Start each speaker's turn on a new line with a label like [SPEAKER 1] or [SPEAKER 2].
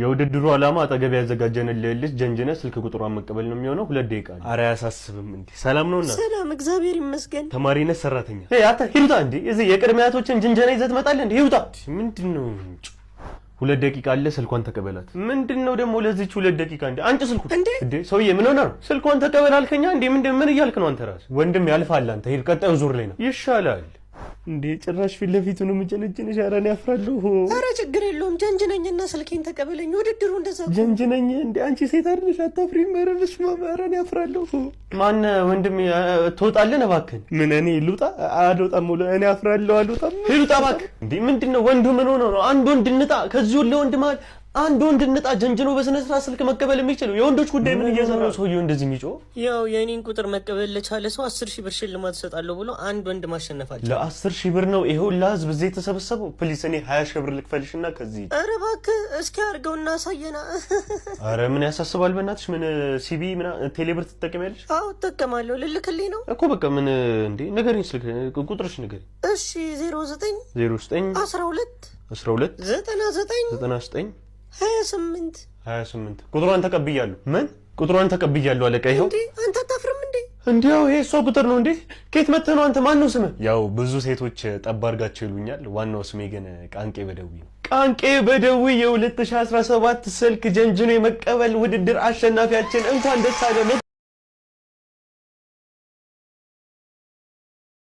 [SPEAKER 1] የውድድሩ ዓላማ አጠገብ ያዘጋጀን ልልጅ ጀንጅነ ስልክ ቁጥሯን መቀበል ነው የሚሆነው። ሁለት ደቂቃ አረ አያሳስብም። እንዲ ሰላም ነው? እና
[SPEAKER 2] ሰላም፣ እግዚአብሔር ይመስገን።
[SPEAKER 1] ተማሪነት ሰራተኛ አተ ሂሩጣ። እንዲ እዚ የቅድሚያቶችን ጅንጀና ይዘት ትመጣለህ እንዲ ሂሩጣ፣ ምንድን ነው ሁለት ደቂቃ አለ። ስልኳን ተቀበላት። ምንድን ነው ደግሞ ለዚች ሁለት ደቂቃ? እንዲ አንጭ ስልኩ እንዴ! ሰውዬ ምን ሆነ ነው? ስልኳን ተቀበላልከኛ እንዲ እንዴ? ምንድን ምን እያልክ ነው አንተ? ራስ ወንድም ያልፋል። አንተ ሂድ፣ ቀጣዩ ዙር ላይ ነው ይሻላል እንዴ ጭራሽ ፊት ለፊቱን ምጀንጅንሽ? ኧረ እኔ አፍራለሁ።
[SPEAKER 2] ኧረ ችግር የለውም ጀንጅነኝና ስልኬን ተቀበለኝ። ውድድሩ እንደዛ
[SPEAKER 1] ጀንጅነኝ። እንደ አንቺ ሴት አይደለሽ አታፍሪም? መረልሽ። ኧረ እኔ ማን ወንድም ትወጣለህ? እባክህን። ምን እኔ ልውጣ? አልወጣም። እኔ አፍራለሁ። አልወጣም። ልውጣ እባክህ። እንዴ ምንድን ነው ወንዱ? ምን ሆነ ነው? አንድ ወንድ እንጣ ከዚሁ ለወንድ ወንድ መሀል አንድ ወንድ እንጣ ጀንጅኖ በስነ ስርዓት ስልክ መቀበል የሚችለው የወንዶች ጉዳይ ምን እየሰራ ነው? ሰውየው እንደዚህ የሚጮ
[SPEAKER 2] ያው የኔን ቁጥር መቀበል ለቻለ ሰው አስር ሺህ ብር ሽልማት እሰጣለሁ ብሎ አንድ ወንድ ማሸነፍ
[SPEAKER 1] ለአስር ሺህ ብር ነው ይሄው ለህዝብ እዚህ የተሰበሰበው። ፕሊስ እኔ ሀያ ሺህ ብር ልክፈልሽና ከዚህ
[SPEAKER 2] አረ እባክህ እስኪ አድርገው አሳየና።
[SPEAKER 1] አረ ምን ያሳስባል በእናትሽ። ምን ሲቢ ምና ቴሌብር ትጠቀሚያለሽ?
[SPEAKER 2] አዎ እጠቀማለሁ። ልልክልኝ ነው
[SPEAKER 1] እኮ በቃ ምን እንዴ ንገሪኝ፣ ስልክ ቁጥርሽ ንገሪኝ።
[SPEAKER 2] እሺ ዜሮ ዘጠኝ ዜሮ ዘጠኝ አስራ ሁለት አስራ ሁለት ዘጠና ዘጠኝ ዘጠና ዘጠኝ ሀያ ስምንት
[SPEAKER 1] ሀያ ስምንት ቁጥሯን ተቀብያለሁ። ምን ቁጥሯን ተቀብያለሁ አለቃ። ይኸው
[SPEAKER 2] አንተ አታፍርም እንዴ?
[SPEAKER 1] እንዲያው ይሄ እሷ ቁጥር ነው እንዴ? ከየት መጥተህ ነው አንተ? ማን ነው ስምህ? ያው ብዙ ሴቶች ጠብ አድርጋቸው ይሉኛል። ዋናው ስሜ ግን ቃንቄ በደዊ ነው። ቃንቄ በደዊ የ2017 ስልክ ጀንጅኖ የመቀበል ውድድር አሸናፊያችን እንኳን ደስ አደለ።